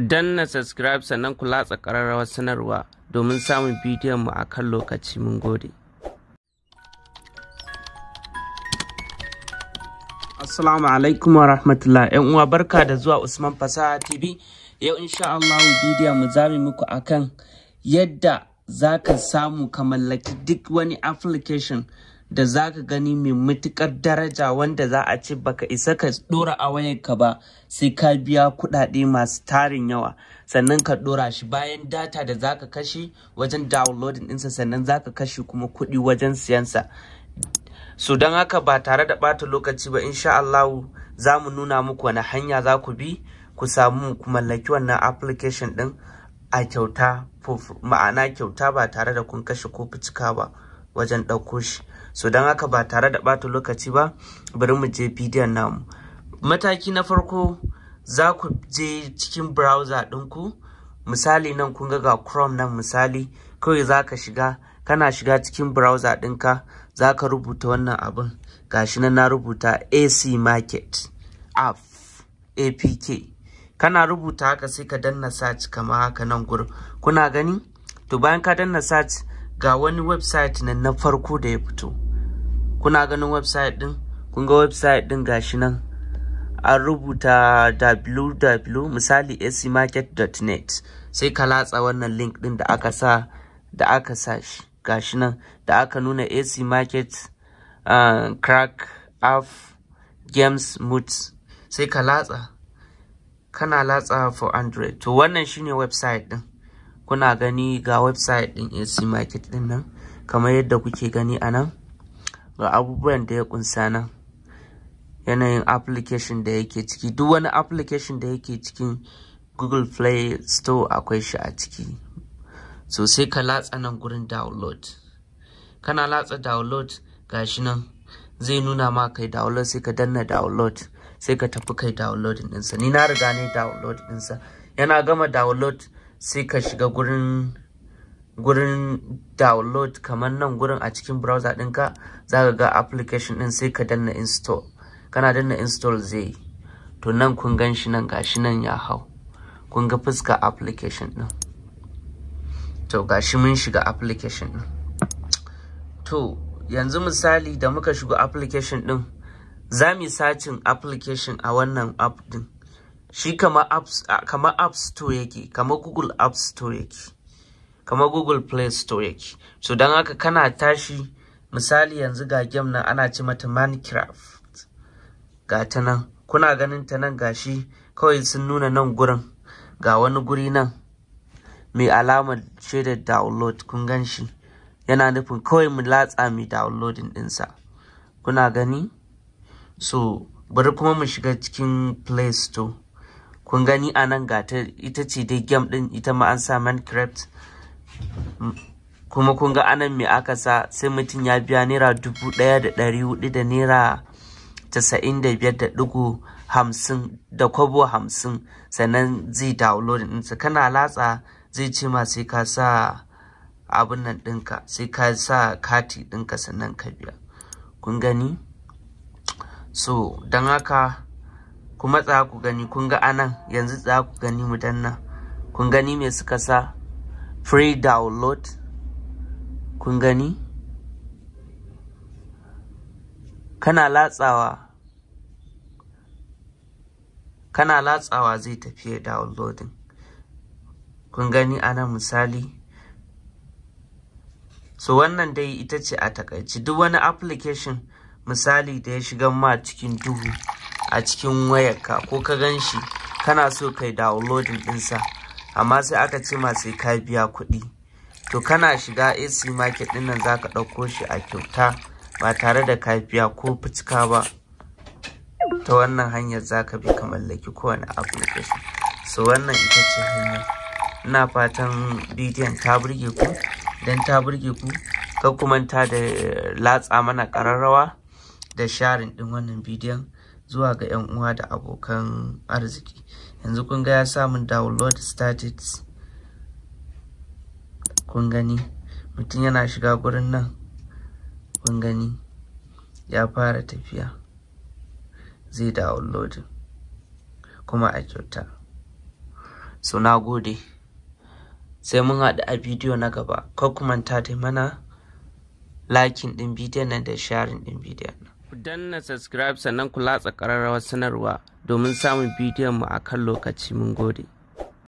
ku danna subscribe sannan ku latsa ƙararrawar sanarwa domin samun bidiyon mu a kan lokaci mun gode. Assalamu alaikum wa rahmatullah ‘yan uwa barka da zuwa Usman Fasaha TV yau insha Allah bidiyon mu zami muku akan yadda za ka samu ka mallaki duk wani application da za ka gani mai matukar daraja wanda za a ce baka isa ka dora a wayanka ba sai ka biya kuɗaɗe masu tarin yawa sannan ka dora shi bayan data da za ka kashe wajen downloading ɗinsa sannan za ka kashe kuma kuɗi wajen siyansa so don haka ba tare da bata lokaci ba insha Allah za mu nuna muku wani hanya za ku bi ku samu ku mallaki wannan application ɗin a kyauta ma'ana kyauta ba tare da kun kashe ko fitika ba. wajen ɗauko shi so don haka ba tare da ɓata lokaci ba bari mu je bidiyon namu mataki na farko za ku je cikin browser ɗinku misali nan kun ga chrome nan misali kawai za ka shiga kana shiga cikin browser ɗinka za ka rubuta wannan abin gashi nan na rubuta ac market app apk kana rubuta haka sai ka danna search kama haka nan gurin kuna gani to bayan ka danna search ga wani website nan na farko da ya fito kuna ganin website din kun ga website din gashi nan an rubuta www misali scmarket.net sai ka latsa wannan link din da aka sa da aka sa shi gashi nan da aka nuna ac market uh, crack app games moods sai ka latsa kana latsa for android to wannan shine website din kuna gani ga website din AC market din nan kamar yadda kuke gani a nan ga abubuwan da ya kunsa nan yanayin application da yake ciki duk wani application da yake cikin google play store akwai shi a ciki so sai ka latsa nan gurin download kana latsa download gashi nan zai nuna ma kai download sai ka danna download sai ka tafi kai download ɗinsa ni na riga ne download ɗinsa yana gama download sai ka shiga gurin gurin download kamar nan gurin a cikin browser ɗinka za ka ga application ɗin sai ka danna install kana danna install zai to nan kun gan shi nan gashi nan ya hau kun ga fuska application ɗin to gashi mun shiga application ɗin to yanzu misali da muka shiga application ɗin za mu yi sacin application a wannan app ɗin shi kama app store yake kama google app store yake kama google play store yake so don haka kana tashi misali yanzu ga game nan ana ci mata minecraft ga ta nan kuna ganin ta nan gashi kawai sun nuna nan gurin ga wani guri nan mai alamar shaidar download kun gan shi yana nufin kawai mu latsa mai downloading dinsa kuna gani so bari kuma mu shiga cikin play store kun gani a nan ga ta ita ce dai game din ita ma an sa minecraft mm. kuma kun ga anan me aka sa sai mutum ya biya naira dubu ɗaya da ɗari hudu da naira casa'in da biyar da hamsin da kwabo hamsin sannan zai download sa kana latsa zai ce ma sai ka sa abun nan ɗinka sai ka sa kati ɗinka sannan ka biya kun gani so don haka kuma za ku gani kun ga anan yanzu za ku gani mu danna kun gani me suka sa free download kun gani kana latsawa kana latsawa zai tafi downloading kun gani anan misali so wannan dai ita ce a takaici duk wani application misali da ya shiga ma cikin duhu a cikin wayarka ko ka gan shi kana so kai downloading ɗinsa amma sai aka ce ma sai ka biya kuɗi to kana shiga ac market ɗin nan za ka ɗauko shi a kyauta ba tare da ka biya ko fitika ba ta wannan hanyar za ka bi ka mallaki kowane shi. so wannan ita ce hanyar ina fatan bidiyon ta burge ku idan ta burge ku ka kumanta da latsa mana ƙararrawa da sharing ɗin wannan bidiyon zuwa ga 'yan uwa da abokan arziki yanzu kun ga ya samun download status kun gani mutum yana shiga gurin nan kun gani ya fara tafiya zai download kuma a kyauta so na gode sai mun haɗu a bidiyo na gaba ko kuma ta mana lakin ɗin bidiyon nan da sharing ɗin bidiyon nan Ku danna subscribe sannan ku latsa ƙararrawar sanarwa domin samun bidiyon mu a kan lokaci mun gode.